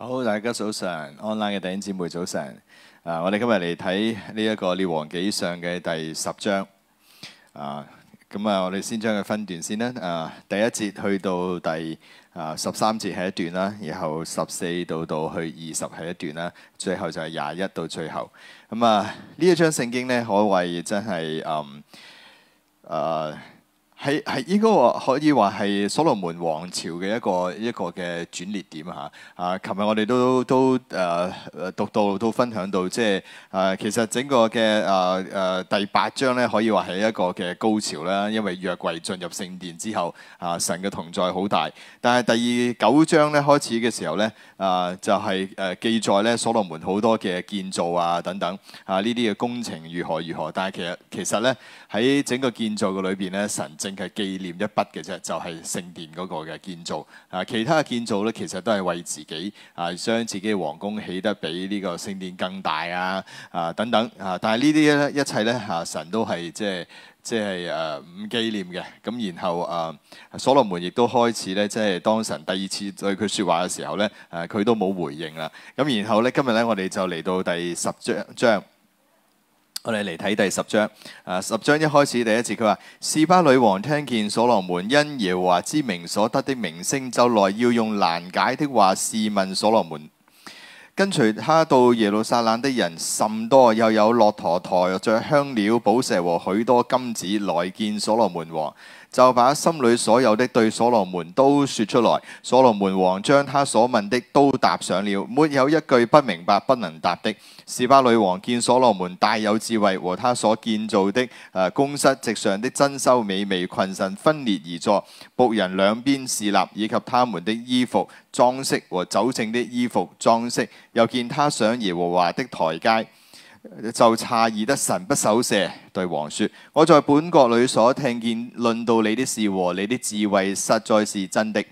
好，大家早上，online 嘅弟兄姊妹早晨。啊，我哋今日嚟睇呢一個列王紀上嘅第十章。啊，咁啊，我哋先將佢分段先啦。啊，第一節去到第啊十三節係一段啦，然後十四到到去二十係一段啦，最後就係廿一到最後。咁啊，呢一章聖經呢，可謂真係嗯啊。係係應該話可以話係所羅門王朝嘅一個一個嘅轉捩點吓啊！琴日我哋都都誒、呃、讀到都分享到即係誒、呃、其實整個嘅誒誒第八章咧可以話係一個嘅高潮啦，因為約櫃進入聖殿之後啊，神嘅同在好大。但係第二九章咧開始嘅時候咧啊，就係、是、誒記載咧所羅門好多嘅建造、啊等等啊呢啲嘅工程如何如何，但係其、其實其實咧。喺整個建造嘅裏邊咧，神正係紀念一筆嘅啫，就係、是、聖殿嗰個嘅建造啊。其他嘅建造咧，其實都係為自己啊，將自己嘅皇宮起得比呢個聖殿更大啊啊等等啊。但係呢啲咧一切咧啊，神都係即係即係誒唔紀念嘅。咁然後啊，所羅門亦都開始咧，即係當神第二次對佢說話嘅時候咧，誒、啊、佢都冇回應啦。咁然後咧，今日咧我哋就嚟到第十章章。我哋嚟睇第十章。十章一開始第一節佢話，示巴女王聽見所羅門因耶和華之名所得的名聲，就來要用難解的話試問所羅門。跟隨他到耶路撒冷的人甚多，又有駱駝，又有駱駝馱着香料、寶石和許多金子來見所羅門王。就把心裏所有的對所羅門都說出來。所羅門王將他所問的都答上了，沒有一句不明白不能答的。士巴女王見所羅門大有智慧，和他所建造的誒、呃、宮室、席上的珍饈美味、群臣分列而坐、僕人兩邊侍立，以及他們的衣服裝飾和酒政的衣服裝飾，又見他上耶和華的台階。就詫異得神不守舍，對王說：我在本國裏所聽見論到你的事和你的智慧，實在是真的。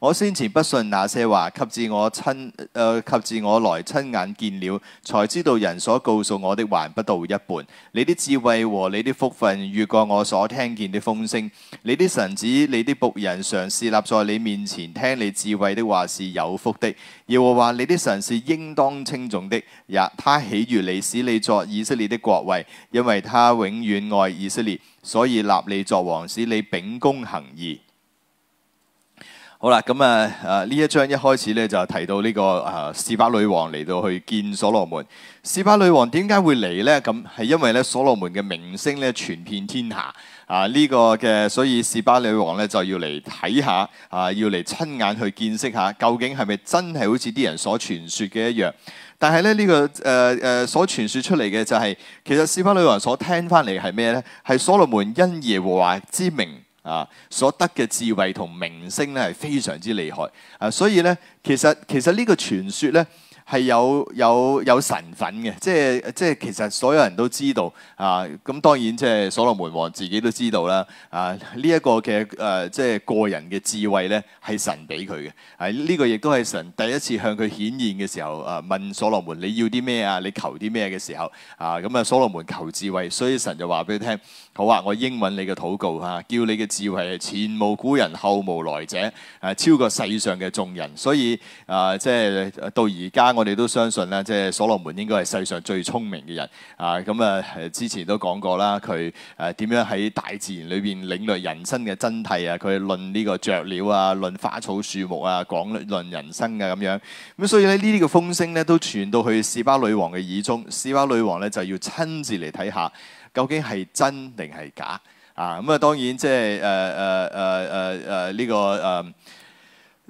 我先前不信那些話，及至我親，誒、呃，及至我來親眼見了，才知道人所告訴我的還不到一半。你的智慧和你的福分，越過我所聽見的風聲。你的神子，你的僕人，常侍立在你面前聽你智慧的話是有福的。耶和華，你的神是應當稱頌的。也，他喜悅你，使你作以色列的國位，因為他永遠愛以色列，所以立你作王，使你秉公行義。好啦，咁啊，啊呢一章一開始咧就提到呢個啊士巴女王嚟到去見所羅門。士巴女王點解會嚟呢？咁係因為咧所羅門嘅名聲咧傳遍天下啊！呢、這個嘅，所以士巴女王咧就要嚟睇下啊，要嚟親眼去見識下究竟係咪真係好似啲人所傳說嘅一樣？但係咧，呢、這個誒誒、呃呃、所傳說出嚟嘅就係、是，其實士巴女王所聽翻嚟係咩呢？係所羅門因耶和華之名。啊，所得嘅智慧同名聲咧係非常之厲害啊，所以咧其實，其實呢個傳說咧。係有有有神份嘅，即係即係其實所有人都知道啊。咁當然即係所羅門王自己都知道啦。啊，呢、這、一個嘅誒、啊、即係個人嘅智慧咧，係神俾佢嘅。喺、啊、呢、這個亦都係神第一次向佢顯現嘅時候啊，問所羅門你要啲咩啊？你求啲咩嘅時候啊？咁啊，所羅門求智慧，所以神就話俾佢聽：好啊，我應允你嘅禱告啊，叫你嘅智慧係前無古人後無來者，誒、啊、超過世上嘅眾人。所以啊，即係到而家。我哋都相信啦，即係所羅門應該係世上最聰明嘅人啊！咁啊，之前都講過啦，佢誒點樣喺大自然裏邊領略人生嘅真諦啊！佢論呢個雀鳥啊，論花草樹木啊，講論人生啊咁樣。咁所以咧，呢啲嘅風聲咧都傳到去示巴女王嘅耳中，示巴女王咧就要親自嚟睇下究竟係真定係假啊！咁啊，當然即係誒誒誒誒誒呢個誒。呃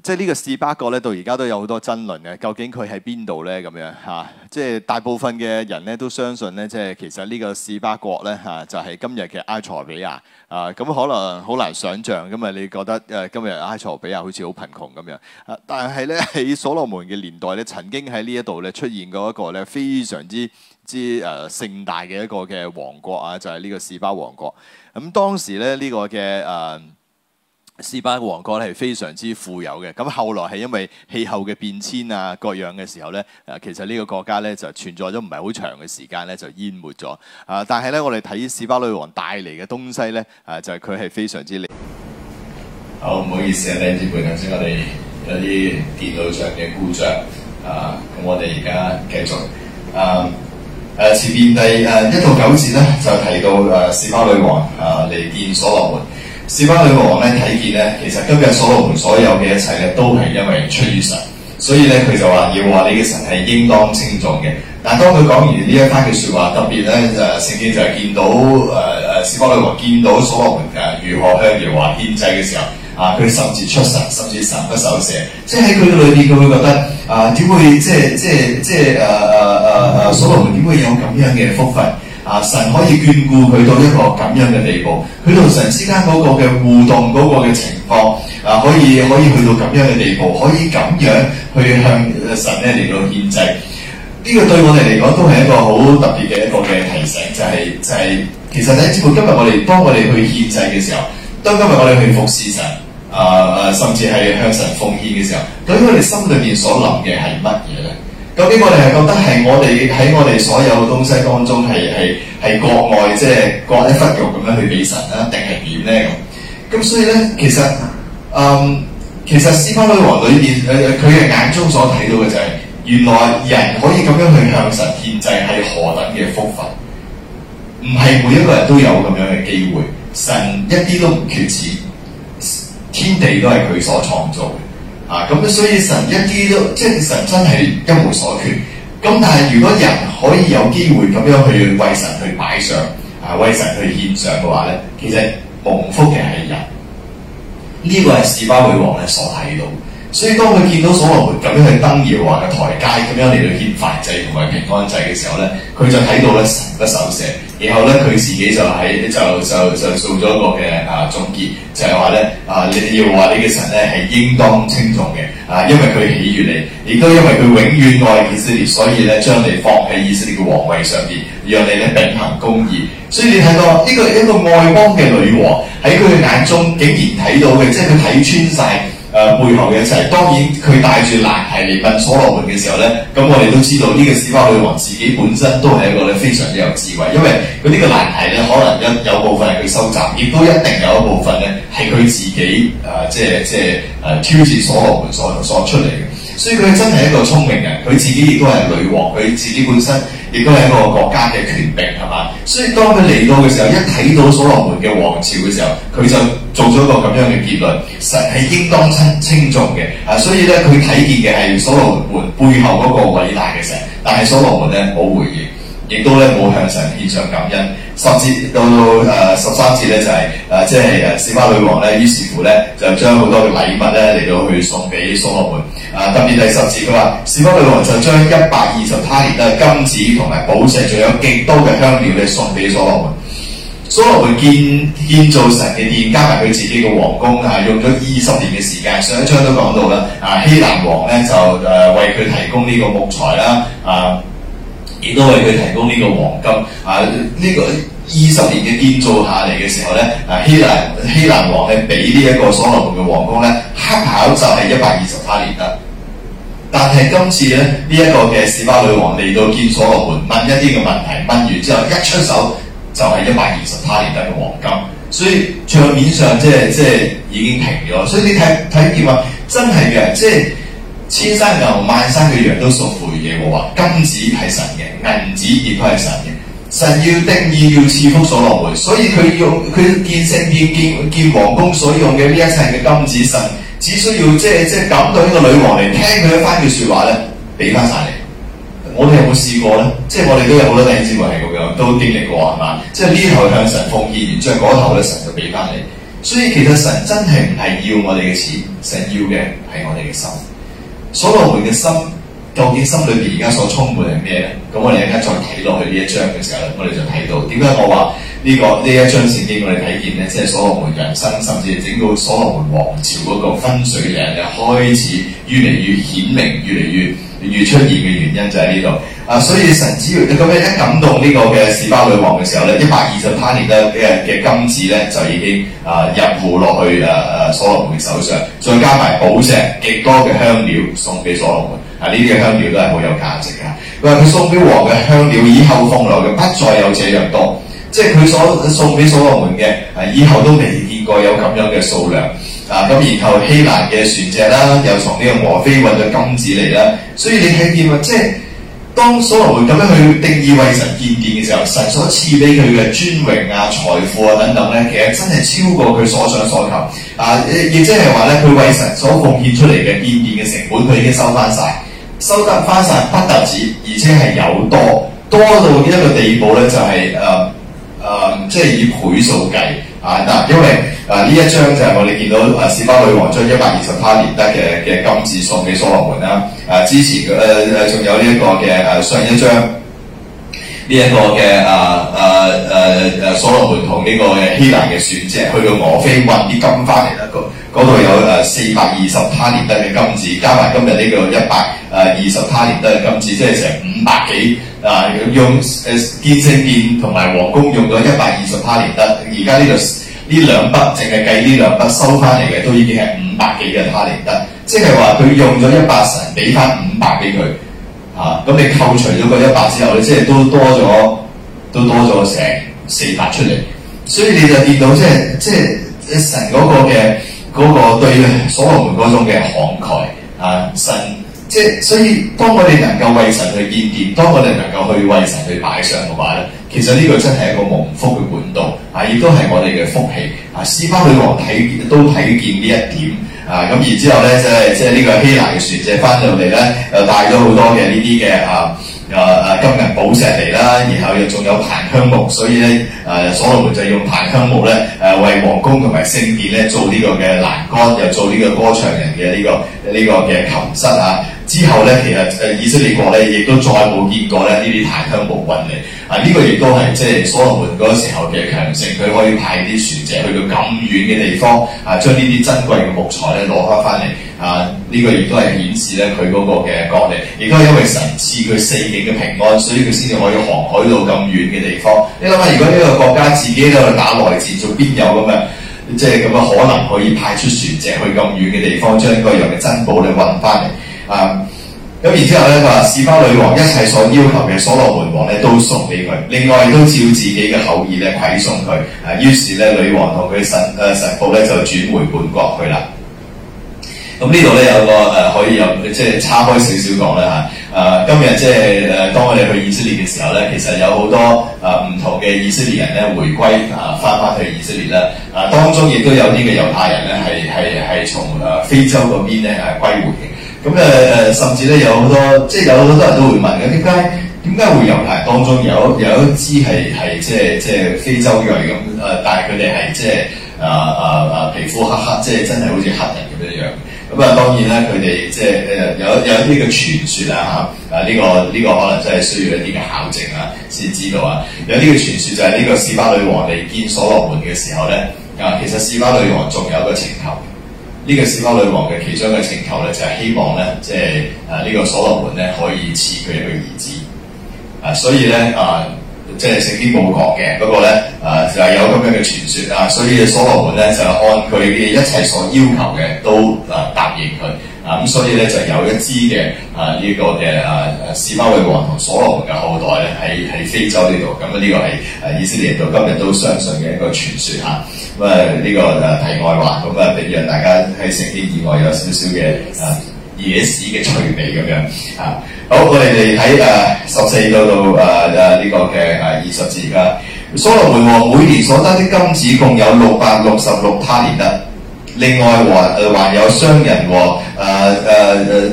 即係呢個示巴國咧，到而家都有好多爭論嘅，究竟佢喺邊度咧？咁樣嚇、啊，即係大部分嘅人咧都相信咧，即係其實呢個示巴國咧嚇、啊，就係、是、今日嘅埃塞俄比亞啊。咁、嗯、可能好難想像咁啊，你覺得誒、啊、今日埃塞俄比亞好似好貧窮咁樣啊？但係咧喺所羅門嘅年代咧，曾經喺呢一度咧出現過一個咧非常之之誒、啊、盛大嘅一個嘅王國啊，就係、是、呢個示巴王國。咁、啊嗯、當時咧呢、這個嘅誒。啊斯巴王國咧係非常之富有嘅，咁後來係因為氣候嘅變遷啊各樣嘅時候咧，誒其實呢個國家咧就存在咗唔係好長嘅時間咧就淹沒咗，啊但係咧我哋睇斯巴女王帶嚟嘅東西咧，誒就係佢係非常之靚。好唔好意思啊，等住半陣先，我哋有啲電腦上嘅故障，啊咁我哋而家繼續，啊啊前面第，誒一到九節咧就提到誒斯巴女王，啊嚟見所羅門。示巴女王咧睇見咧，其實今日所羅門所有嘅一切咧，都係因為出於神，所以咧佢就話要話你嘅神係應當稱頌嘅。但當佢講完呢一番嘅説話，特別咧誒聖經就係見到誒誒、呃、示巴女王見到所羅門誒如何向耶和華獻祭嘅時候，啊佢甚至出神，甚至神不守舍，即喺佢嘅裏面，佢會覺得誒點、呃、會即係即係即係誒誒誒誒所羅門點會有咁樣嘅福分？啊！神可以眷顧佢到一個咁樣嘅地步，佢同神之間嗰個嘅互動嗰個嘅情況啊，可以可以去到咁樣嘅地步，可以咁樣去向神咧嚟到獻祭。呢、這個對我哋嚟講都係一個好特別嘅一個嘅提醒，就係、是、就係、是、其實喺主僕今日我哋當我哋去獻祭嘅時候，當今日我哋去服侍神啊啊，甚至係向神奉獻嘅時候，究竟我哋心裏面所諗嘅係乜嘢咧？咁呢個我哋係覺得係我哋喺我哋所有嘅東西當中，係係係國外，即係割一忽肉咁樣去俾神啊，定係點咧咁？咁所以咧，其實誒、嗯，其實示巴女王裏邊誒誒，佢、呃、嘅眼中所睇到嘅就係、是、原來人可以咁樣去向神獻祭係何等嘅福分。唔係每一個人都有咁樣嘅機會，神一啲都唔缺錢，天地都係佢所創造嘅。啊，咁咧，所以神一啲都，即係神真係一無所缺。咁但係如果人可以有機會咁樣去為神去擺上，啊，為神去獻上嘅話咧，其實蒙福嘅係人。呢、這個係示巴女王咧所睇到。所以當佢見到所羅門咁樣去登耶和華嘅台階，咁樣嚟到獻燔祭同埋平安祭嘅時候咧，佢就睇到咧神不守舍，然後咧佢自己就喺就就就，就做咗一個嘅啊總結，就係話咧啊你要話呢個神咧係應當稱頌嘅啊，因為佢喜悅你，亦都因為佢永遠愛以色列，所以咧將你放喺以色列嘅皇位上邊，讓你咧秉行公義。所以你睇到呢個一個外邦嘅女王喺佢嘅眼中竟然睇到嘅，即係佢睇穿晒。誒、呃、背後嘅一切，當然佢帶住難題嚟問所羅門嘅時候咧，咁、嗯、我哋都知道呢個示巴女王自己本身都係一個咧非常之有智慧，因為佢呢個難題咧，可能一有部分係佢收集，亦都一定有一部分咧係佢自己誒、呃、即係即係誒、呃、挑戰所羅門所所出嚟嘅。所以佢真係一個聰明人，佢自己亦都係女王，佢自己本身亦都係一個國家嘅權柄，係嘛？所以當佢嚟到嘅時候，一睇到所羅門嘅王朝嘅時候，佢就做咗個咁樣嘅結論，實係應當稱稱重嘅。啊，所以咧佢睇見嘅係所羅門背後嗰個偉大嘅神，但係所羅門咧冇回應。亦都咧冇向神獻上感恩，十至到到十三節咧就係、是、誒、啊、即係誒示巴女王咧，於是乎咧就將好多嘅禮物咧嚟到去送俾所羅門。誒特別第十節佢話示巴女王就將一百二十攤年嘅金子同埋寶石，仲有極多嘅香料嚟送俾所羅門。所羅門建建造神嘅殿，加埋佢自己嘅皇宮啊，用咗二十年嘅時間。上一章都講到啦，啊希蘭王咧就誒、啊、為佢提供呢個木材啦，啊。啊。亦都為佢提供呢個黃金啊！呢、這個二十年嘅建造下嚟嘅時候咧，啊希蘭希蘭王咧俾呢一個所羅門嘅王宮咧，乞巧就係一百二十他連得。但係今次咧，呢、這、一個嘅示巴女王嚟到見所羅門，問一啲嘅問題，問完之後一出手就係一百二十他連得嘅黃金，所以帳面上即係即係已經平咗。所以你睇睇見話真係嘅，即、就、係、是。千山牛、萬山嘅羊都屬富裕嘅。我話金子係神嘅，銀子亦都係神嘅。神要定義，要賜福所羅門。所以佢用佢建聖殿、建建王宮所用嘅呢一切嘅金子，神只需要即係即係感動呢個女王嚟聽佢一番嘅説話咧，俾翻曬你。我哋有冇試過咧？即係我哋都有好多弟兄姊妹係咁樣都經歷過，係嘛？即係呢頭向神奉獻然之後嗰頭咧神就俾翻你。所以其實神真係唔係要我哋嘅錢，神要嘅係我哋嘅心。所羅門嘅心究竟心裏邊而家所充滿係咩咧？咁我哋而家再睇落去呢一章嘅時候，我哋就睇到點解我話。呢、這個呢一章聖經我哋睇見咧，即係所羅門人生，甚至整個所羅門王朝嗰個分水嶺嘅開始，越嚟越顯明、越嚟越越出現嘅原因就喺呢度啊！所以神只要咁樣一感動呢個嘅示巴女王嘅時候咧，一百二十他連得嘅嘅金子咧就已經啊、呃、入庫落去誒誒、呃呃、所羅門手上，再加埋寶石極多嘅香料送俾所羅門啊！呢啲香料都係好有價值㗎！佢話佢送俾王嘅香料以後奉來嘅，不再有這樣多。即係佢所送俾所羅門嘅，啊，以後都未見過有咁樣嘅數量，啊，咁然後希蘭嘅船隻啦，又從呢個俄非運到金子嚟啦，所以你睇見啊，即係當所羅門咁樣去定義為神建殿嘅時候，神所賜俾佢嘅尊榮啊、財富啊等等咧，其實真係超過佢所想所求，啊，亦即係話咧，佢為神所奉獻出嚟嘅建殿嘅成本，佢已經收翻晒，收得翻晒。不特止，而且係有多，多到一個地步咧，就係、是、誒。嗯誒、嗯，即係以倍數計啊！嗱，因為誒呢、呃、一張就係我哋見到誒示、啊、巴女王將一百二十他連得嘅嘅金子送俾所羅門啦。誒、啊，之前誒誒仲有呢一個嘅誒上一張呢一個嘅誒誒誒誒所羅門同呢個希蘭嘅選者去到俄非運啲金翻嚟啦個。嗰度有誒四百二十他連德嘅金子，加埋今日呢個一百誒二十他連德嘅金子，即係成五百幾啊！用誒建聖殿同埋皇宮用咗一百二十他連德，而家呢度呢兩筆淨係計呢兩筆收翻嚟嘅，都已經係五百幾嘅他連德，即係話佢用咗一百，神俾翻五百俾佢啊！咁你扣除咗個一百之後咧，你即係都多咗，都多咗成四百出嚟，所以你就見到即係即係神嗰個嘅。嗰個對所羅門嗰種嘅慷慨啊，神即係所以，當我哋能夠為神去建殿，當我哋能夠去為神去擺上嘅話咧，其實呢個真係一個蒙福嘅管道啊，亦都係我哋嘅福氣啊。示巴女王睇都睇見呢一點啊，咁、啊、然之後咧，即係即係呢個希蘭嘅船隻翻上嚟咧，又帶咗好多嘅呢啲嘅啊。誒誒，金銀寶石嚟啦，然後又仲有檀香木，所以咧誒、呃，所羅門就用檀香木咧誒，為王宮同埋聖殿咧做呢個嘅欄杆，又做呢個歌唱人嘅呢、這個呢、這個嘅琴瑟啊。之後咧，其實誒以色列國咧，亦都再冇見過咧呢啲檀香木運嚟。啊，呢、這個亦都係即係所羅門嗰時候嘅強盛，佢可以派啲船隻去到咁遠嘅地方，啊，將呢啲珍貴嘅木材咧攞翻翻嚟。啊！呢、這個亦都係顯示咧佢嗰個嘅國力，亦都係因為神賜佢四境嘅平安，所以佢先至可以航海到咁遠嘅地方。你諗下，如果呢個國家自己都去打內戰，仲邊有咁嘅即係咁嘅可能可以派出船隻去咁遠嘅地方將嗰樣嘅珍寶嚟運翻嚟？啊！咁然之後咧，佢話：示巴女王一切所要求嘅所羅門王咧都送俾佢，另外都照自己嘅口意咧饋送佢。啊！於是咧，女王同佢神誒、呃、神僕咧就轉回本國去啦。咁呢度咧有個誒可以有即係叉開少少講咧嚇誒，今日即係誒當我哋去以色列嘅時候咧，其實有好多誒唔同嘅以色列人咧回歸啊，翻返去以色列啦。啊，當中亦都有呢個猶太人咧，係係係從誒非洲嗰邊咧係歸回嘅。咁誒誒，甚至咧有好多即係有好多人都會問嘅，點解點解會猶太當中有有一支係係即係即係非洲裔咁誒？但係佢哋係即係啊啊啊皮膚黑黑，即係真係好似黑人咁樣樣。咁啊、嗯，當然啦，佢哋即係誒有有啲嘅傳説啊嚇，啊呢、啊啊這個呢、這個可能真係需要一啲嘅考證啦、啊，先知道啊。有啲嘅傳説就係呢個示巴女王嚟見所羅門嘅時候咧，啊其實示巴女王仲有一個請求，呢、這個示巴女王嘅其中嘅請求咧就係、是、希望咧，即係啊呢、這個所羅門咧可以賜佢一個兒子啊，所以咧啊。即係聖經冇講嘅，不過咧，誒、呃、就係有咁樣嘅傳說啊，所以所羅門咧就係按佢嘅一切所要求嘅都誒、啊、答應佢啊，咁所以咧就有一支嘅誒呢個嘅誒誒示巴女王同所羅門嘅後代咧喺喺非洲呢度，咁啊呢、這個係誒、啊、以色列到今日都相信嘅一個傳說嚇，咁啊呢、啊這個誒題外話，咁啊俾啲大家喺聖經以外有少少嘅誒。啊野史嘅趣味咁樣啊！好，我哋嚟睇誒十四到到誒呢個嘅誒二十節。噶，所羅門王每年所得的金子共有六百六十六他連得，另外還誒還有商人和誒誒誒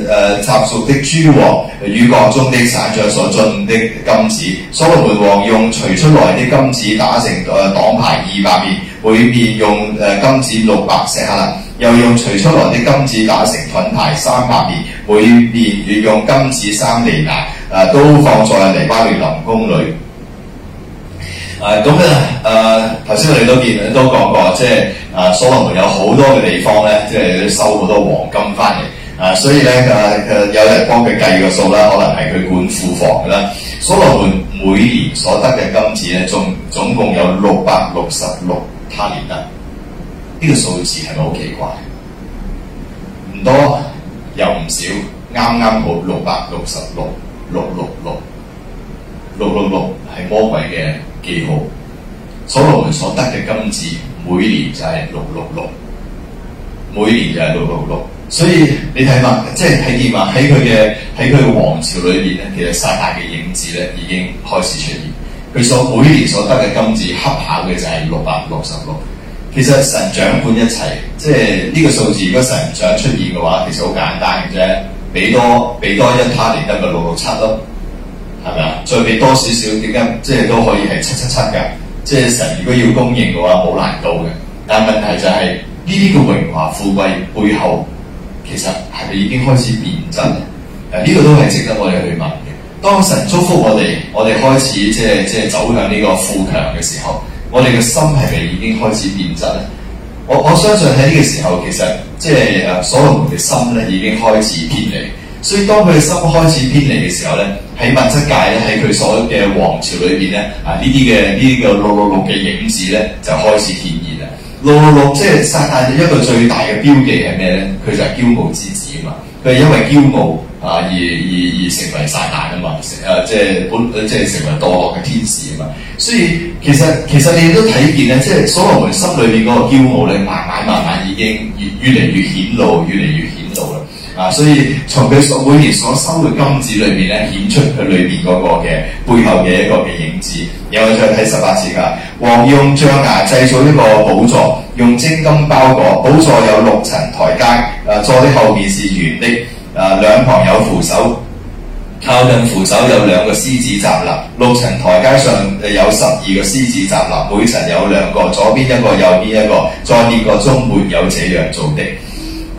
誒雜族的諸王與國中的省長所進的金子。所羅門王用除出來的金子打成誒黨牌二百面，每面用誒金子六百舍客勒。又用除出來的金子打成盾牌三百面，每面要用金子三里拿，都放在黎巴嫩林宮裏。誒咁咧頭先你都見都講過，即係誒、呃、所羅門有好多嘅地方咧，即係收好多黃金翻嚟、呃。所以咧、呃、有人幫佢計個數啦，可能係佢管庫房啦。所羅門每年所得嘅金子咧，總共有六百六十六塔利特。呢個數字係咪好奇怪？唔多有唔少，啱啱好六百六十六六六六六六六係魔鬼嘅記號。所羅門所得嘅金子每年就係六六六，每年就係六六六。所以你睇嘛，即係睇見嘛，喺佢嘅喺佢皇朝裏邊咧，其實撒但嘅影子咧已經開始出現。佢所每年所得嘅金子恰巧嘅就係六百六十六。其實神掌管一切，即係呢個數字。如果神唔想出現嘅話，其實好簡單嘅啫，俾多俾多一他 a 嚟得咪六六七咯，係咪啊？再俾多少少點解，即係都可以係七七七㗎。即係神如果要供應嘅話，冇難度嘅。但問題就係呢啲嘅榮華富貴背後，其實係咪已經開始變質？誒、啊，呢、這個都係值得我哋去問嘅。當神祝福我哋，我哋開始即係即係走向呢個富強嘅時候。我哋嘅心係咪已經開始變質咧？我我相信喺呢個時候，其實即係誒，所羅門嘅心咧已經開始偏離，所以當佢嘅心開始偏離嘅時候咧，喺物質界咧，喺佢所有嘅王朝裏邊咧，啊，呢啲嘅呢啲嘅六六六嘅影子咧就開始顯現啦。六六六，即係撒旦嘅一個最大嘅標記係咩咧？佢就係驕傲之子啊嘛！佢係因為驕傲。啊！而而而成為撒但啊嘛，成誒即係本、啊、即係成為墮落嘅天使啊嘛，所以其實其實你都睇見咧、啊，即係所羅門心裏邊嗰個驕傲咧，慢慢慢慢已經越越嚟越顯露，越嚟越顯露啦！啊，所以從佢所每年所收嘅金子裏邊咧，顯出佢裏邊嗰個嘅背後嘅一個嘅影子。然後再睇十八節啊，王用象牙製造一個寶座，用精金包裹，寶座有六層台階，誒、啊、坐喺後面是圓的。啊！兩旁有扶手，靠近扶手有兩個獅子站立。六層台階上誒有十二個獅子站立，每層有兩個，左邊一,一個，右邊一個。在列國中沒有這樣做的，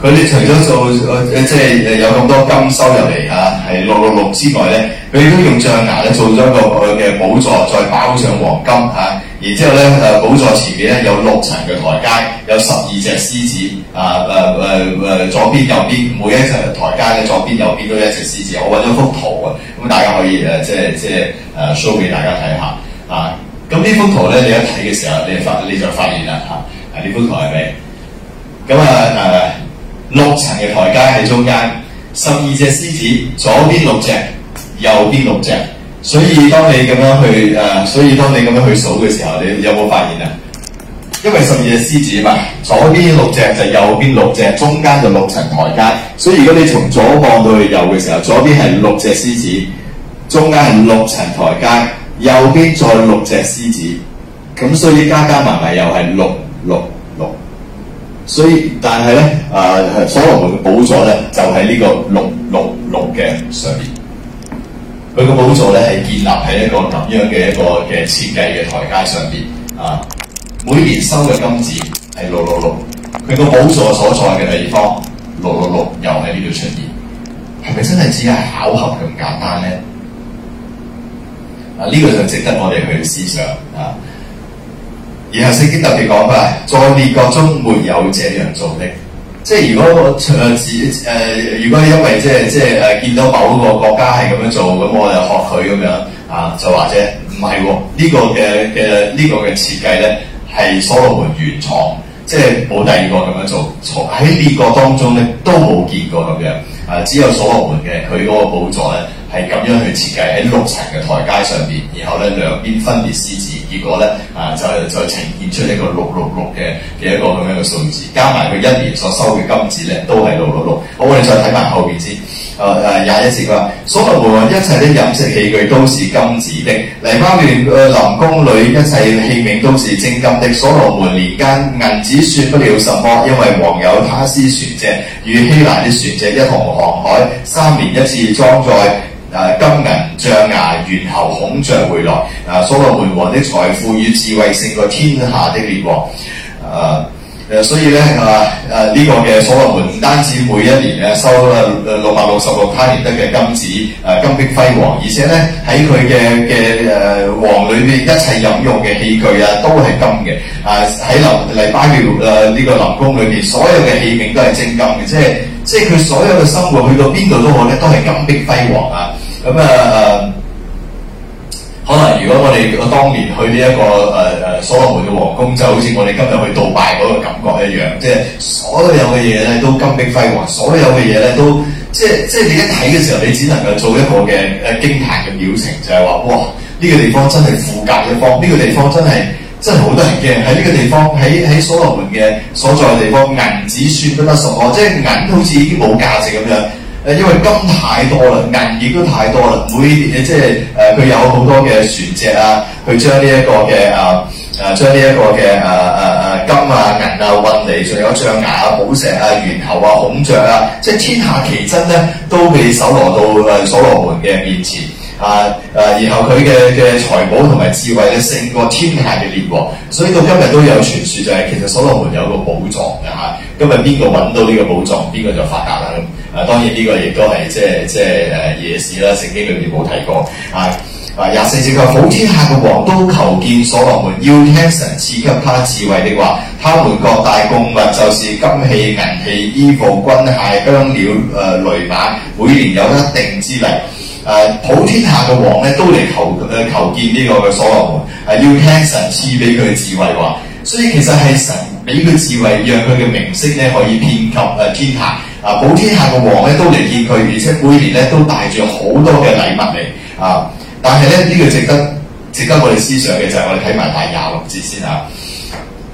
佢哋除咗做誒即係誒有咁多金收入嚟啊，係六,六六六之外咧，佢都用象牙咧做咗個佢嘅寶座，再包上黃金嚇。啊。然之後咧，誒寶座前面咧有六層嘅台階，有十二隻獅子。啊誒誒誒，左邊右邊每一層台階嘅左邊右邊都有一隻獅子。我揾咗幅圖啊，咁、嗯、大家可以誒即係即係誒 show 俾大家睇下。啊，咁呢幅圖咧，你一睇嘅時候，你就發你就發現啦嚇。啊，呢幅圖係咪？咁啊誒、呃，六層嘅台階喺中間，十二隻獅子，左邊六隻，右邊六隻。所以當你咁樣去誒、呃，所以當你咁樣去數嘅時候，你有冇發現啊？因為十二隻獅子嘛，左邊六隻就右邊六隻，中間就六層台階。所以如果你從左望到去右嘅時候，左邊係六隻獅子，中間係六層台階，右邊再六隻獅子，咁所以加加埋埋又係六六六。所以但係咧誒，所羅門嘅寶座咧就喺、是、呢個六六六嘅上面。佢個寶座咧係建立喺一個咁樣嘅一個嘅設計嘅台階上面。啊，每年收嘅金子係六六六，佢個寶座所在嘅地方六六六又喺呢度出現，係咪真係只係巧合咁簡單咧？啊，呢、這個就值得我哋去思想啊。然後聖經特別講話，在列國中沒有這樣做的。即係如果我誒自誒，如果因為即係即係誒見到某個國家係咁樣做，咁我就學佢咁樣啊，就話啫。唔係喎，呢個嘅嘅呢個嘅設計咧係所羅門原創，即係冇第二個咁樣做。從喺呢個當中咧都冇見過咁樣啊，只有所羅門嘅佢嗰個寶座咧。係咁樣去設計喺六層嘅台階上邊，然後咧兩邊分別獅子。結果咧啊就就呈現出一個六六六嘅嘅一個咁樣嘅數字，加埋佢一年所收嘅金子咧都係六六六。好，我哋再睇埋後邊先。誒誒廿一節話，所羅門一切啲飲食器具都是金子的，黎巴嫩誒林宮裏一切器皿都是精金的。所羅門年間銀子算不了什麼，因為王有他斯船隻與希蘭啲船隻，一同航海，三年一次裝載。誒金銀象牙猿猴孔雀回來，誒、啊、所羅門王的財富與智慧勝過天下的列王，誒、啊、誒，所以咧係話誒呢、啊這個嘅所羅門唔單止每一年咧、啊、收誒誒、啊、六百六十六卡連德嘅金子誒、啊、金碧輝煌，而且咧喺佢嘅嘅誒王裏面一切飲用嘅器具啊，都係金嘅，誒、啊、喺林黎巴嫩誒呢個林宮裏面，所有嘅器皿都係精金嘅，即係即係佢所有嘅生活去到邊度都好咧，都係金碧輝煌啊！咁誒誒，可能如果我哋個當年去呢一個誒誒所羅門嘅皇宮，就好似我哋今日去杜拜嗰個感覺一樣，即係所有嘅嘢咧都金碧輝煌，所有嘅嘢咧都即係即係你一睇嘅時候，你只能夠做一個嘅誒驚歎嘅表情，就係話：哇！呢個地方真係富甲一方，呢個地方真係真係好多人驚。喺呢個地方，喺喺所羅門嘅所在地方，銀子算不得乜數喎，即係銀好似已經冇價值咁樣。誒，因為金太多啦，銀亦都太多啦。每誒，即係誒，佢、呃、有好多嘅船隻啊，佢將呢一個嘅啊、呃、啊，將呢一個嘅誒誒誒金啊銀啊運嚟，仲、啊、有象牙啊寶石啊猿猴啊孔雀啊，即係天下奇珍咧，都被搜羅到誒、呃、所羅門嘅面前啊啊、呃！然後佢嘅嘅財寶同埋智慧，勝、啊、過天下嘅列王。所以到今日都有傳説就係、是、其實所羅門有一個寶藏嘅嚇、啊，今日邊個揾到呢個寶藏，邊個就發達啦。誒，當然呢個亦都係即係即係誒野史啦，聖經裏面冇提過。啊，嗱，廿四節佢，普天下嘅王都求見所羅門，要聽、 啊啊、神賜給他智慧的話。他們各大貢物就是金器銀器衣服，e、軍械香料誒騾馬，每年有一定之例。誒、啊、普天下嘅王咧都嚟求誒求見呢個嘅所羅門，誒要聽神賜俾佢智慧話。所以其實係神俾佢智慧，讓佢嘅名聲咧可以遍及誒天下。呃呃啊！普天下嘅王咧都嚟見佢，而且每年咧都帶住好多嘅禮物嚟啊！但係咧呢、這個值得值得我哋思想嘅就係、是、我哋睇埋第廿六節先嚇。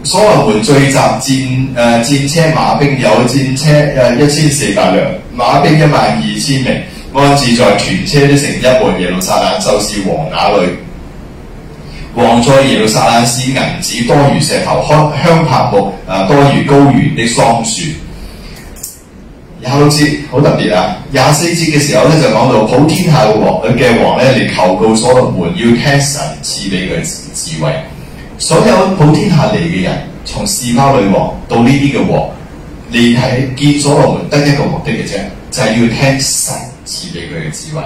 所羅門聚集戰誒、呃、戰車馬兵有戰車誒一千四百輛，馬兵一萬二千名，安置在屯車的城邑和耶路撒冷，就是王那裏。王在耶路撒冷，使銀子多如石頭，香香柏木誒、啊、多如高原的桑樹。廿六節好特別啊！廿四節嘅時候咧就講到普天下嘅王佢嘅王咧嚟求告所羅門，要聽神賜俾佢智慧。所有普天下嚟嘅人，從示巴女王到呢啲嘅王，嚟睇見所羅門得一個目的嘅啫，就係要聽神賜俾佢嘅智慧。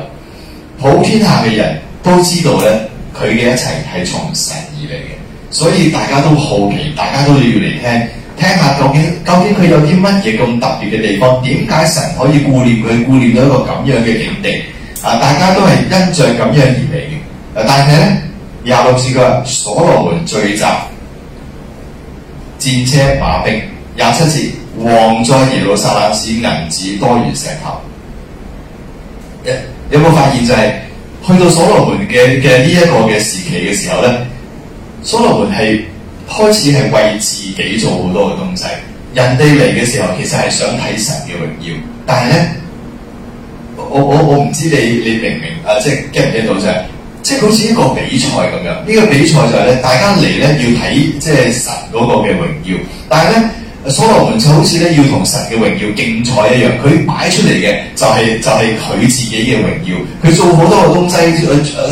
普天下嘅人都知道咧，佢嘅一切係從神而嚟嘅，所以大家都好奇，大家都要嚟聽。聽下究竟究竟佢有啲乜嘢咁特別嘅地方？點解神可以顧念佢顧念到一個咁樣嘅境地？啊，大家都係因着咁樣而嚟嘅。啊，但係咧廿六節嘅所羅門聚集戰車馬兵。廿七節王在耶路撒冷使銀子多如石頭。有冇發現就係、是、去到所羅門嘅嘅呢一個嘅時期嘅時候咧？所羅門係。開始係為自己做好多嘅東西，人哋嚟嘅時候其實係想睇神嘅榮耀，但係咧，我我我唔知你你明唔明啊？即係 get 唔 get 到就係、是，即係好似一個比賽咁樣，呢、這個比賽就係咧，大家嚟咧要睇即係神嗰個嘅榮耀，但係咧。所羅門就好似咧要同神嘅榮耀競賽一樣，佢擺出嚟嘅就係、是、就係、是、佢自己嘅榮耀，佢做好多嘅東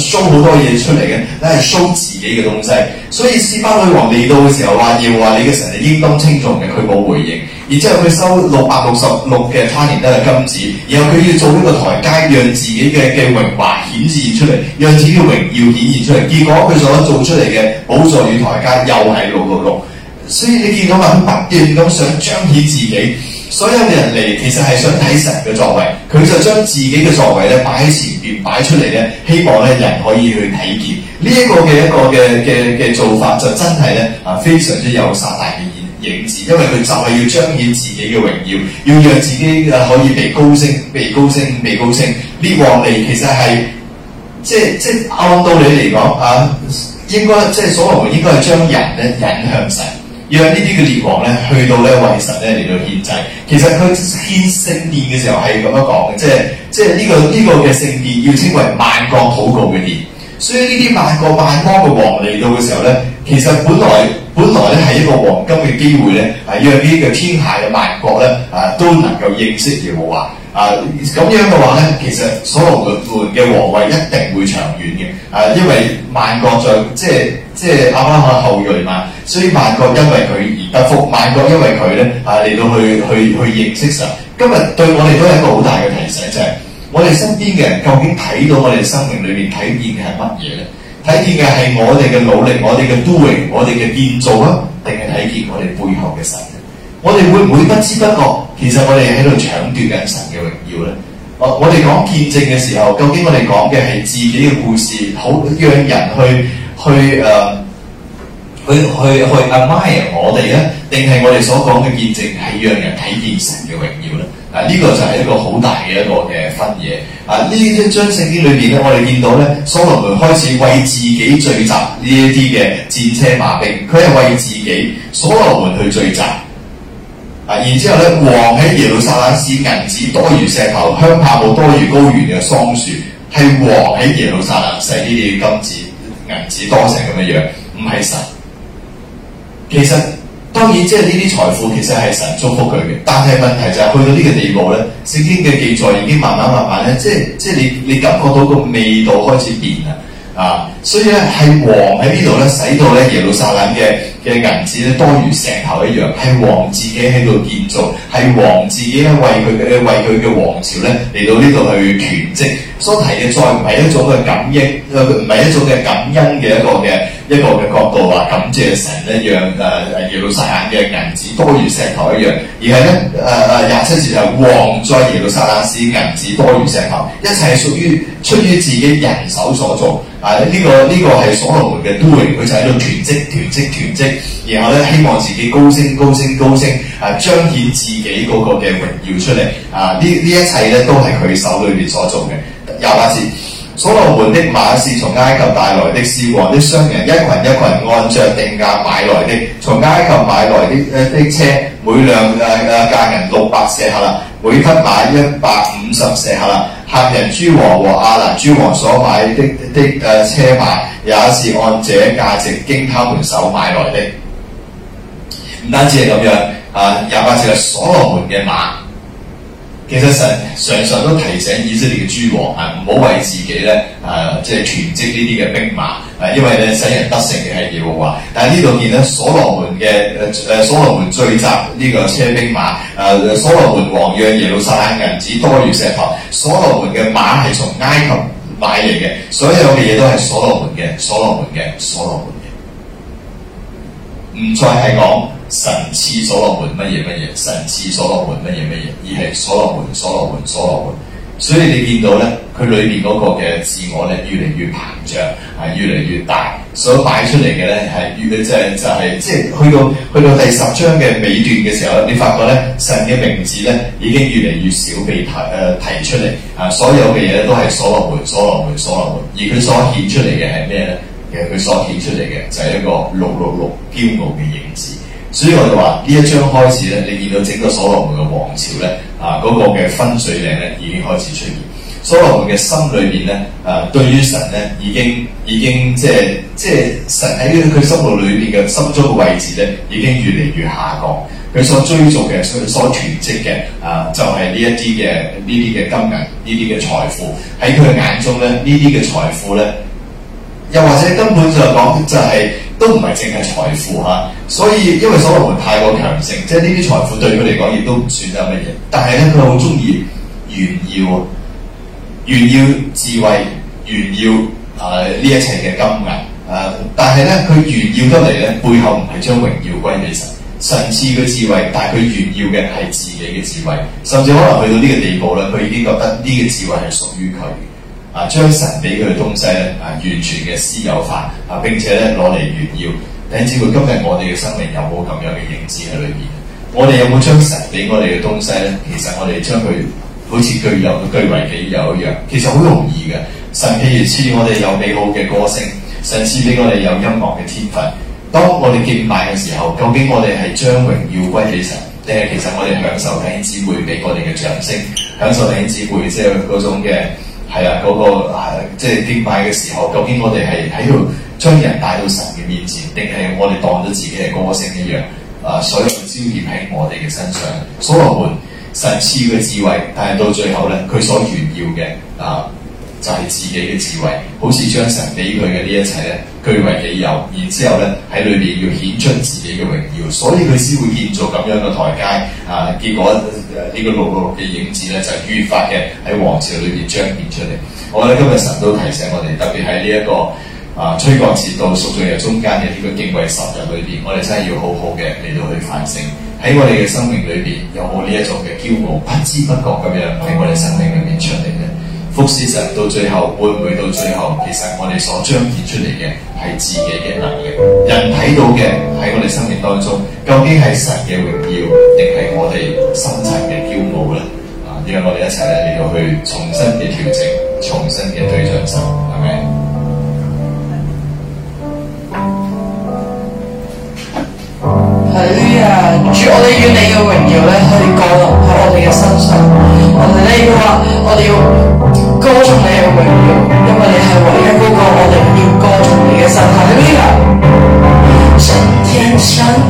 西，show 好多嘢出嚟嘅，你係 show 自己嘅東西。所以示巴女王嚟到嘅時候話要話你嘅神係應當稱頌嘅，佢冇回應。然之後佢收六百六十六嘅他連得嘅金子，然後佢要做呢個台階讓自己嘅嘅榮華顯示出嚟，讓自己嘅榮、er, 耀顯現出嚟。結果佢所做出嚟嘅寶座與台階，又係六六六。所以你見到嘛，不斷咁想彰顯自己，所有嘅人嚟其實係想睇神嘅作為，佢就將自己嘅作為咧擺喺前邊，擺出嚟咧，希望咧人可以去體驗呢、這個、一個嘅一個嘅嘅嘅做法，就真係咧啊非常之有殺大嘅影子，因為佢就係要彰顯自己嘅榮耀，要讓自己啊可以被高升、被高升、被高升。呢王嚟其實係即係即係按道理嚟講啊，應該即係所羅門應該係將人咧引向神。讓呢啲嘅列王咧，去到咧為神咧嚟到獻祭。其實佢獻聖殿嘅時候係咁樣講嘅，即係即係呢個呢個嘅聖殿要稱為萬國禱告嘅殿。所以呢啲萬國萬邦嘅王嚟到嘅時候呢，其實本來本來咧係一個黃金嘅機會咧，係讓呢個天下嘅萬國咧啊，都能夠認識耶和華啊！啊，咁樣嘅話咧，其實所羅門嘅皇位一定會長遠嘅。啊，因為萬國在即係即係阿巴哈後裔嘛，所以萬國因為佢而得福，萬國因為佢咧啊嚟到去去去認識神。今日對我哋都係一個好大嘅提醒，就係我哋身邊嘅人究竟睇到我哋生命裏面睇見嘅係乜嘢咧？睇見嘅係我哋嘅努力、我哋嘅 doing、我哋嘅建造啊定係睇見我哋背後嘅神？我哋會唔會不知不覺，其實我哋喺度搶奪緊神嘅榮耀咧？哦、啊，我哋講見證嘅時候，究竟我哋講嘅係自己嘅故事，好讓人去去誒、啊、去去去 admire 我哋咧，定係我哋所講嘅見證係讓人睇見神嘅榮耀咧？嗱、啊，呢、這個就係一個好大嘅一個嘅分野啊！呢一章聖經裏邊咧，我哋見到咧，所羅門開始為自己聚集呢一啲嘅戰車馬兵，佢係為自己所羅門去聚集。啊！然之後咧，王喺耶路撒冷使銀子多如石頭，香柏木多如高原嘅桑樹，係王喺耶路撒冷使呢啲金子、銀子多成咁嘅樣，唔係神。其實當然即係呢啲財富其實係神祝福佢嘅，但係問題就係、是、去到呢個地步咧，聖經嘅記載已經慢慢慢慢咧，即係即係你你感覺到個味道開始變啦啊！所以咧係王喺呢度咧，使到咧耶路撒冷嘅嘅銀子咧，多如石頭一樣，係王自己喺度建造，係王自己喺為佢嘅為佢嘅王朝咧嚟到呢度去權職。所提嘅再唔係一種嘅感，感恩，唔係一種嘅感恩嘅一個嘅。一個嘅角度話，啊、感謝神一樣，誒誒耶路撒冷嘅銀子多如石頭一樣，而係咧，誒誒廿七節就王在耶路撒冷使銀子多如石頭，一切係屬於出於自己人手所做。啊呢、這個呢、這個係所羅門嘅都榮，佢就喺度囤積囤積囤積，然後咧，希望自己高升高升高升，啊彰顯自己嗰個嘅榮耀出嚟。啊呢呢一切咧，都係佢手裏面所做嘅廿八節。又所羅門的馬是從埃及帶來的，是王的商人一群一群按着定價買來的，從埃及買來的的車，每輛誒誒價銀六百舍客勒，每匹馬一百五十舍客勒。赫人諸王和亞蘭諸王所買的的誒車馬也是按這價值經他們手買來的。唔單止係咁樣，啊，啊，廿八節係所羅門嘅馬。其實常常都提醒以色列嘅諸王啊，唔好為自己呢，啊，即係囤積呢啲嘅兵馬啊，因為咧使人得勝嘅係耶和華。但係呢度見咧、呃，所羅門嘅誒誒，所羅門聚集呢個車兵馬啊、呃，所羅門王讓耶路撒冷銀子多如石頭，所羅門嘅馬係從埃及買嚟嘅，所有嘅嘢都係所羅門嘅，所羅門嘅，所羅門嘅，唔再係講。神賜所羅門乜嘢乜嘢，神賜所羅門乜嘢乜嘢，而係所羅門所羅門所羅門。所以你見到咧，佢裏邊嗰個嘅自我咧，越嚟越膨脹，啊，越嚟越大，所擺出嚟嘅咧係越、就係就係、即係就係即係去到去到第十章嘅尾段嘅時候，你發覺咧神嘅名字咧已經越嚟越少被提誒、呃、提出嚟啊，所有嘅嘢都係所羅門所羅門所羅門，而佢所顯出嚟嘅係咩咧？其實佢所顯出嚟嘅就係一個六六六驕傲嘅影子。所以我就話呢一章開始咧，你見到整個所羅門嘅王朝咧，啊嗰個嘅分水嶺咧已經開始出現。所羅門嘅心裏面咧，啊對於神咧已經已經即係即係神喺佢心目裏面嘅心中嘅位置咧，已經越嚟越下降。佢所追逐嘅所所囤積嘅啊就係呢一啲嘅呢啲嘅金銀呢啲嘅財富喺佢眼中咧，財呢啲嘅財富咧，又或者根本上講就係、是。都唔係淨係財富嚇，所以因為所羅門太過強盛，即係呢啲財富對佢嚟講亦都唔算得乜嘢。但係咧，佢好中意炫耀、炫耀智慧、炫耀啊呢、呃、一切嘅金銀啊、呃。但係咧，佢炫耀得嚟咧，背後唔係將榮耀歸於神，神賜佢智慧，但係佢炫耀嘅係自己嘅智慧，甚至可能去到呢個地步咧，佢已經覺得呢個智慧係屬於佢嘅。啊！將神俾佢嘅東西咧，啊，完全嘅私有化啊！並且咧攞嚟炫耀。弟兄姊妹，今日我哋嘅生命有冇咁樣嘅認知喺裏邊？我哋有冇將神俾我哋嘅東西咧？其實我哋將佢好似具有據為己有一樣，其實好容易嘅。神賜俾我哋有美好嘅歌聲，神賜俾我哋有音樂嘅天分。當我哋敬拜嘅時候，究竟我哋係將榮耀歸幾神？定係其實我哋享受弟兄姊妹俾我哋嘅掌聲，享受弟兄姊妹即係嗰種嘅？係啊，嗰、那個、啊、即係敬拜嘅時候，究竟我哋係喺度將人帶到神嘅面前，定係我哋當咗自己係歌星一樣？啊，所有嘅焦點喺我哋嘅身上。所羅門神賜嘅智慧，但係到最後咧，佢所炫耀嘅啊，就係、是、自己嘅智慧，好似將神俾佢嘅呢一切咧，據為己有，然之後咧喺裏邊要顯出自己嘅榮耀，所以佢先會建造咁樣嘅台階。啊。結果呢、呃這個六六六嘅影子咧，就越發嘅喺皇朝裏邊彰顯出嚟。我覺得今日神都提醒我哋，特別喺呢一個啊，吹角節到贖罪日中間嘅呢個敬畏十日裏邊，我哋真係要好好嘅嚟到去反省，喺我哋嘅生命裏邊有冇呢一種嘅驕傲，不知不覺咁樣喺我哋生命裏面出嚟。福斯神到最後會唔會到最後？其實我哋所彰顯出嚟嘅係自己嘅能力。人睇到嘅喺我哋生命當中，究竟係神嘅榮耀，定係我哋深層嘅驕傲咧？啊，讓我哋一齊咧，嚟到去重新嘅調整，重新嘅對象神，係咪？係啊、哎！主，我哋願你嘅榮耀咧，去降臨喺我哋嘅身上。我哋呢個，我哋要歌頌，你嘅榮耀，因為你係唯一嗰個，我哋要歌頌你嘅神。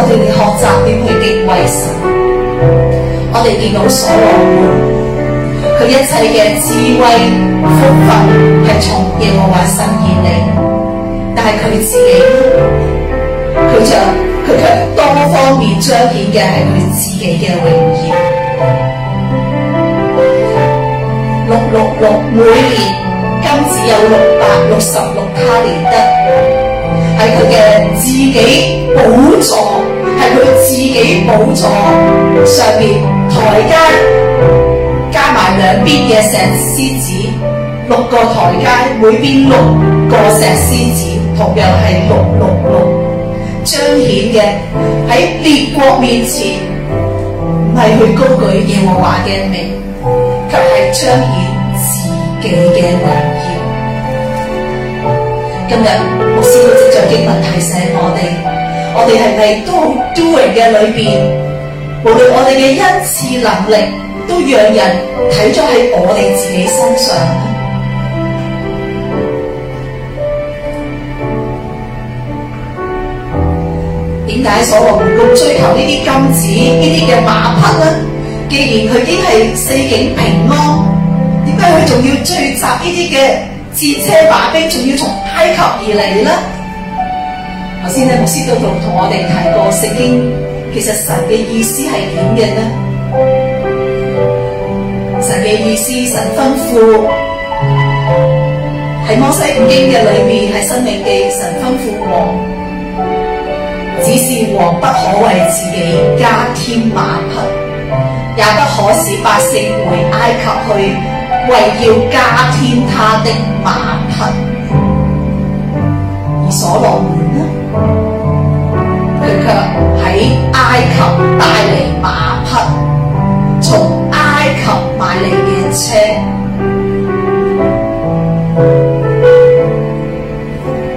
我哋要學習點去敬畏神，我哋見到所羅門，佢一切嘅智慧、豐盛係從耶和華神而嚟，但係佢自己，佢著佢卻多方面彰顯嘅係佢自己嘅榮耀。六六六，每年今只有六百六十六卡利德，喺佢嘅自己補助。係佢自己寶座上面台階，加埋兩邊嘅石獅子，六個台階每邊六個石獅子，同樣係六六六，彰顯嘅喺列國面前，唔係去高舉耶和華嘅名，卻係彰顯自己嘅榮耀。今日牧師會藉着經文提醒我哋。.我哋係咪都好 doing 嘅裏邊，無論我哋嘅恩賜能力，都讓人睇咗喺我哋自己身上咧？點解 所羅門咁追求呢啲金子、呢啲嘅馬匹咧？既然佢已經係四境平安，點解佢仲要聚集呢啲嘅戰車馬兵，仲要從埃及而嚟咧？頭先咧牧師都同同我哋提過聖經，其實神嘅意思係點嘅呢？神嘅意思，神吩咐喺摩西五經嘅裏面，喺申命記嘅神吩咐王，只是王不可為自己加添馬匹，也不可使百姓回埃及去，為要加添他的馬匹。而所羅門呢？佢卻喺埃及帶嚟馬匹，從埃及買嚟嘅車，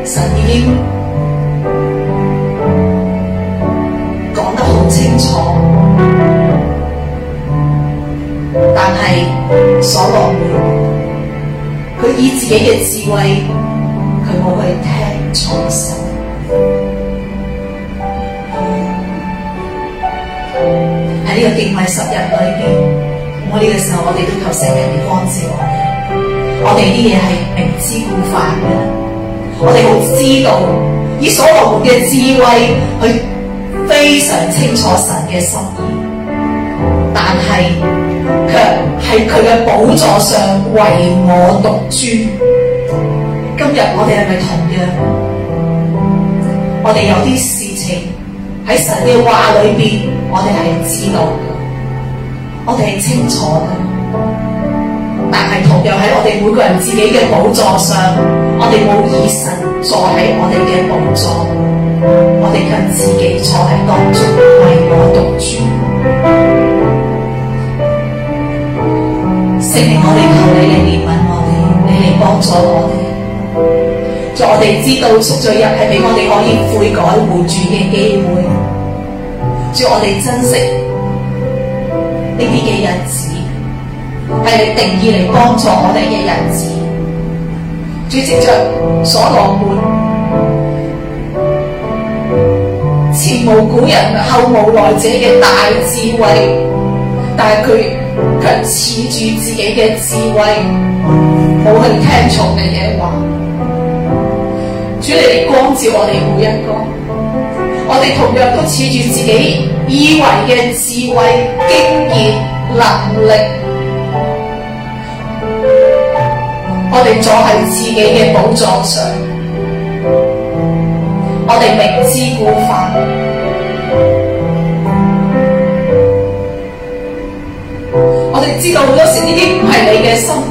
神已經講得好清楚，但係所羅門佢以自己嘅智慧，佢冇去聽從神。呢個敬畏十日裏邊，我呢個時候我哋都求神人哋光照我，我哋啲嘢係明知故犯嘅，我哋好知道以所羅門嘅智慧去非常清楚神嘅心意，但係卻喺佢嘅寶座上為我獨尊。今日我哋係咪同樣？我哋有啲事情喺神嘅話裏邊。我哋係知道嘅，我哋係清楚嘅，但係同樣喺我哋每個人自己嘅寶座上，我哋冇以神坐喺我哋嘅寶座，我哋跟自己坐喺當中，為我獨尊。聖靈，我哋求你嚟憐憫我哋，嚟幫助我哋，助我哋知道宿醉日係俾我哋可以悔改回轉嘅機會。主，我哋珍惜呢啲嘅日子，係你定意嚟幫助我哋嘅日子。主藉着所羅門，前無古人，後無來者嘅大智慧，但係佢卻恃住自己嘅智慧，冇去聽從你嘅嘢話。主，你光照我哋每一個。我哋同樣都恃住自己以為嘅智慧、經驗、能力，我哋坐喺自己嘅寶座上，我哋明知故犯，我哋知道好多時呢啲唔係你嘅心。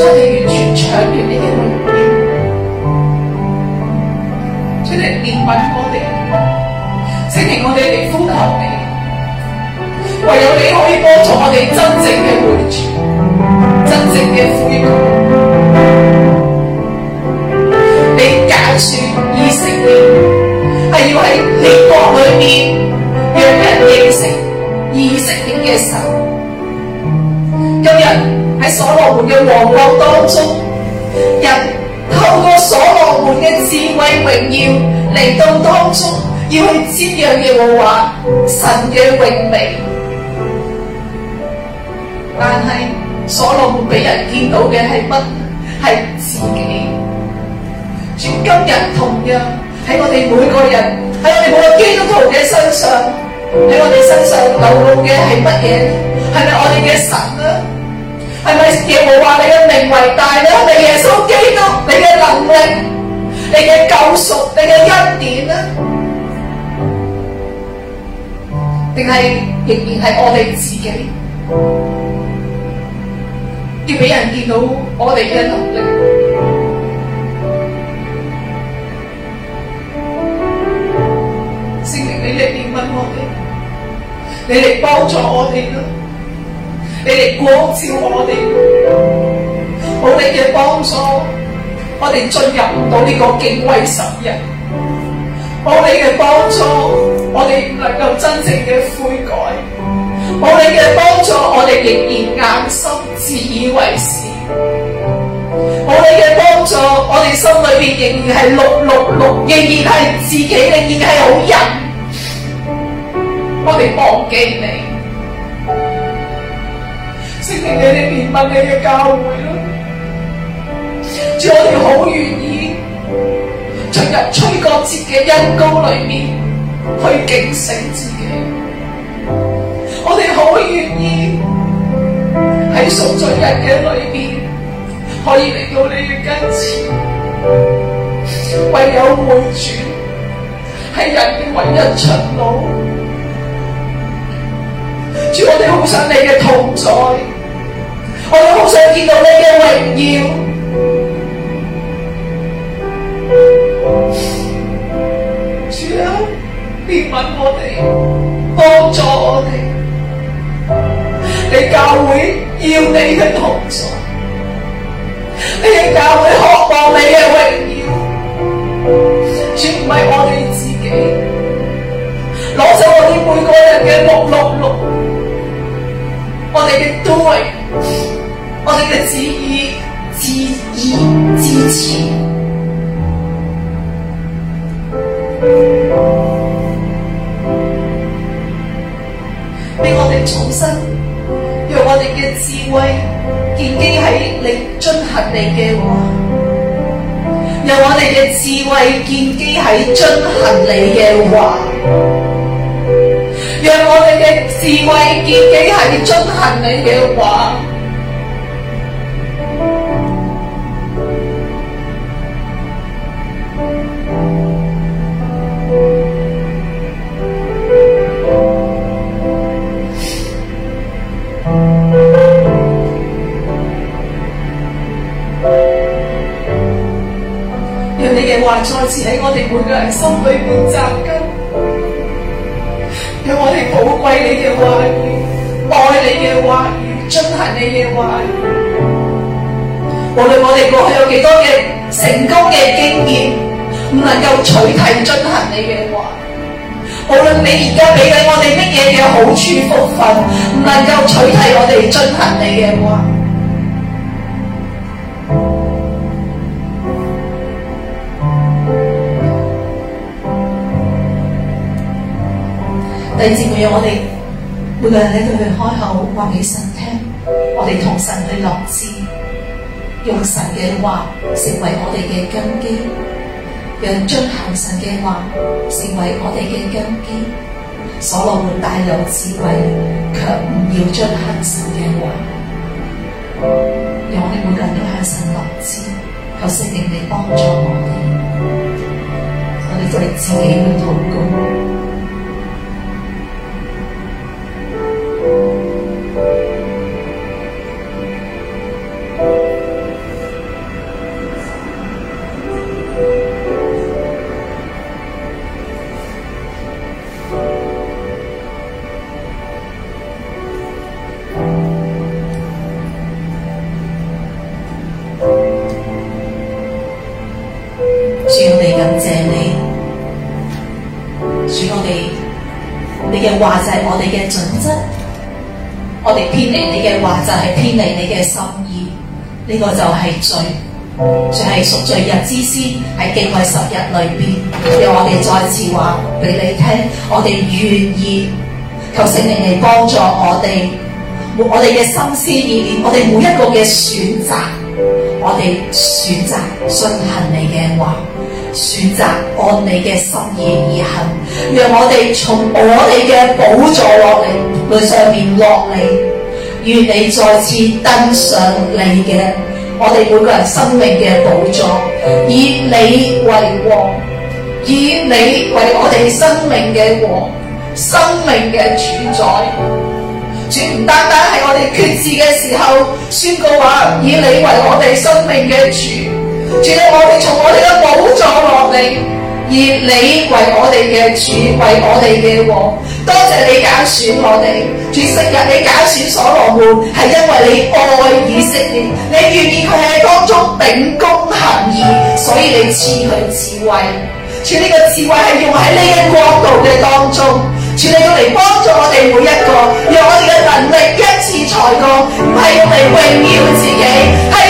將你完全搶完呢啲物件，出嚟憐憫我哋，請嚟我哋嚟呼求你，唯有你可以幫助我哋真正嘅主，真正嘅富足。你解說以色列，係要喺歷史裏面讓人認識以色列嘅神，今日。喺所羅門嘅王宮當中，人透過所羅門嘅智慧榮耀嚟到當中，要去瞻仰耶和華神嘅榮美。但係所羅門俾人見到嘅係乜？係自己。而今日同樣喺我哋每個人，喺我哋每個基督徒嘅身上，喺我哋身上流露嘅係乜嘢？係咪我哋嘅神呢？係咪亦無話你嘅名為大咧？你耶穌基督，你嘅能力，你嘅救贖，你嘅恩典咧？定係仍然係我哋自己要俾人見到我哋嘅能力？聖靈，你嚟憐憫我哋，你嚟幫助我哋啦！你哋光照我哋，冇你嘅幫助，我哋進入唔到呢個敬畏神人。冇你嘅幫助，我哋唔能夠真正嘅悔改；冇你嘅幫助，我哋仍然硬心自以為是；冇你嘅幫助，我哋心裏邊仍然係六六六，仍然係自己，仍然係好人，我哋忘記你。請令你哋憐憫你嘅教會啦！主，我哋好願意進入吹角節嘅恩膏裏面去警醒自己。我哋好願意喺贖罪日嘅裏面可以令到你嘅跟前。唯有回轉係人嘅唯一出路。主，我哋好想你嘅同在。我好想見到你嘅榮耀，主憐憫我哋，幫助我哋。你教會要你嘅同在，你嘅教會渴望你嘅榮耀，絕唔係我哋自己。攞走我哋每個人嘅目錄錄，我哋嘅隊。我哋嘅旨意、旨意、旨此。俾我哋重新，用我哋嘅智慧建基喺你遵行你嘅話，讓我哋嘅智慧建基喺遵行你嘅話，讓我哋嘅智慧建基喺遵行你嘅話。嘅話再次喺我哋每個人心裏面紮根，有我哋寶貴你嘅話語，愛你嘅話語，遵行你嘅話語。無論我哋過去有幾多嘅成功嘅經驗，唔能夠取代遵行你嘅話。無論你而家俾俾我哋乜嘢嘅好處福分，分，唔能夠取代我哋遵行你嘅話。第節會讓我哋每個人喺度去開口話俾神聽，我哋同神去落志，用神嘅話成為我哋嘅根基，讓將行神嘅話成為我哋嘅根基。所羅門帶有智慧，卻唔要將行神嘅話。讓我哋每個人都向神落志，求聖靈你幫助我哋。我哋為自己去禱告。話就係我哋嘅準則，我哋偏離你嘅話就係偏離你嘅心意，呢個就係罪，就係贖罪日之先喺敬畏十日裏邊，讓我哋再次話俾你聽，我哋願意求聖靈嚟幫助我哋，我哋嘅心思意念，我哋每一個嘅選擇，我哋選擇信行你嘅話。選擇按你嘅心意而行，讓我哋從我哋嘅寶座落嚟，嚟上面落嚟，願你再次登上你嘅我哋每個人生命嘅寶座，以你為王，以你為我哋生命嘅王，生命嘅主宰，絕唔單單係我哋決志嘅時候宣告話以你為我哋生命嘅主。主到我哋從我哋嘅寶座落嚟，而你為我哋嘅主，為我哋嘅王。多謝你揀選我哋，主昔日你揀選所羅門，係因為你愛以色列，你願意佢喺當中秉公行義，所以你賜佢智慧。主呢個智慧係用喺呢一國度嘅當中，主你嚟幫助我哋每一個，用我哋嘅能力一次才幹，唔係用嚟榮耀自己。係。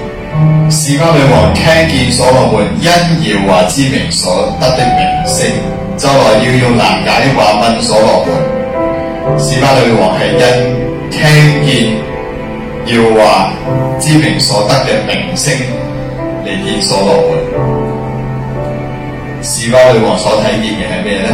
示巴女王聽見所羅門因耶和華之名所得的名聲，就來要用難解的話問所羅門。示巴女王係因聽見耶和華之名所得嘅名聲嚟見所羅門。示巴女王所睇見嘅係咩呢？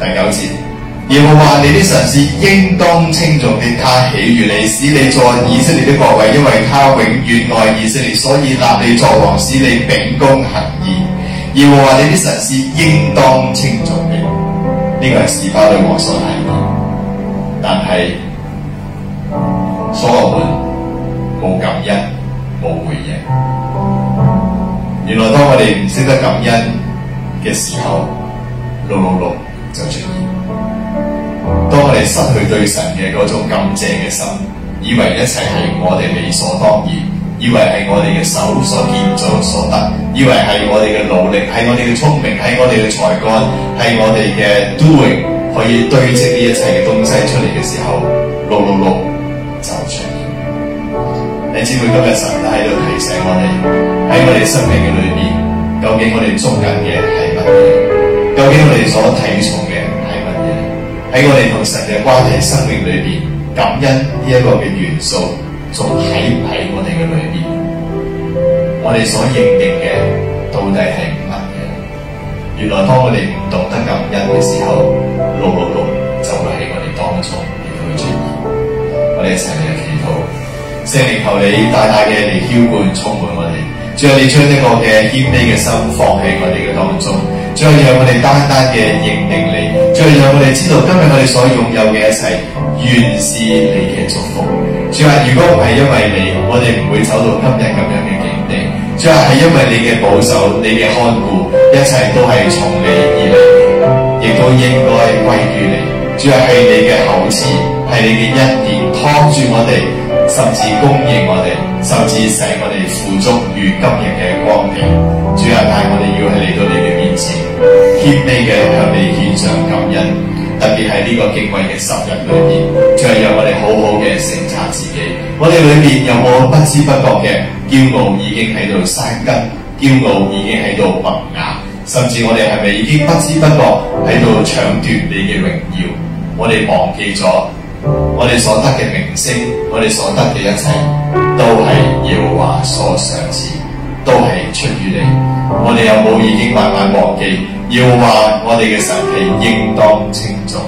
第九節。耶和華你的神是應當稱頌的。他喜悦你，使你坐以色列的國位，因為他永遠愛以色列，所以立你作王，使你秉公行義。耶和華你的神是應當稱頌的。呢、這個係示巴女王所提，但係所羅門冇感恩，冇回應。原來當我哋唔識得感恩嘅時候，六六六就出現了。當我哋失去對神嘅嗰種感謝嘅心，以為一切係我哋理所當然，以為係我哋嘅手所建造所得，以為係我哋嘅努力，係我哋嘅聰明，係我哋嘅才幹，係我哋嘅 doing 可以堆積呢一切嘅東西出嚟嘅時候，碌碌碌就出現。你姊妹今日神都喺度提醒我哋，喺我哋生命嘅裏邊，究竟我哋捉緊嘅係乜嘢？究竟我哋所睇重嘅？喺我哋同神嘅關係、生命裏邊，感恩呢一個嘅元素，仲喺唔喺我哋嘅裏邊？我哋所認定嘅到底係乜嘅？原來當我哋唔懂得感恩嘅時候，路路路就會喺我哋當中而出現。我哋一齊嚟祈禱，聖靈求你大大嘅嚟澆灌、充滿我哋，將你將一個嘅謙卑嘅心放喺我哋嘅當中，最後讓我哋單單嘅認定你。最後我哋知道，今日我哋所擁有嘅一切，原是你嘅祝福。主啊，如果唔係因為你，我哋唔會走到今日咁樣嘅境地。主啊，係因為你嘅保守、你嘅看顧，一切都係從你而嚟，亦都應該歸於你。主啊，係你嘅厚賜，係你嘅恩典，托住我哋，甚至供應我哋，甚至使我哋富足如今日嘅光景。主啊，但係我哋要係嚟到你嘅。謙卑嘅，向你獻上感恩，特別係呢個敬畏嘅十日裏邊，就係讓我哋好好嘅省察自己。我哋裏邊有冇不知不覺嘅驕傲已經喺度生根？驕傲已經喺度萌芽，甚至我哋係咪已經不知不覺喺度搶奪你嘅榮耀？我哋忘記咗我哋所得嘅名聲，我哋所得嘅一切，都係耀華所賞賜。都係出於你，我哋有冇已經慢慢忘記？要話我哋嘅神係應當稱頌，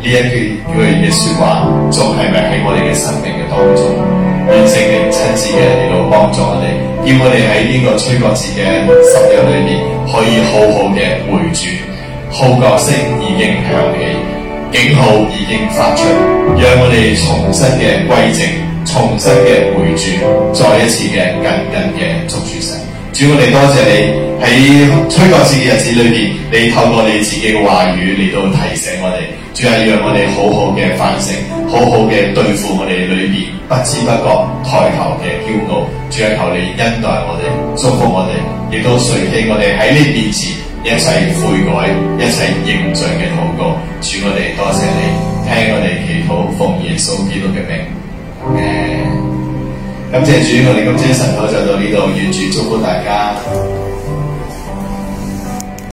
呢一句句嘅説話，仲係咪喺我哋嘅生命嘅當中，完成你親自嘅嚟到幫助我哋，要我哋喺呢個吹角節嘅十日裏面，可以好好嘅回轉，號角聲已經響起，警號已經發出，讓我哋重新嘅歸正。重新嘅回轉，再一次嘅緊緊嘅捉住神。主，我哋多謝你喺吹過自己日子裏邊，你透過你自己嘅話語，你都提醒我哋。主係讓我哋好好嘅反省，好好嘅對付我哋裏邊不知不覺抬頭嘅驕傲。主係求你恩待我哋，祝福我哋，亦都垂聽我哋喺你面前一齊悔改，一齊認罪嘅禱告。主，我哋多謝你，聽我哋祈禱，奉耶穌基督嘅名。誒，感謝、okay。主，我哋今朝晨早就到呢度，完全祝福大家。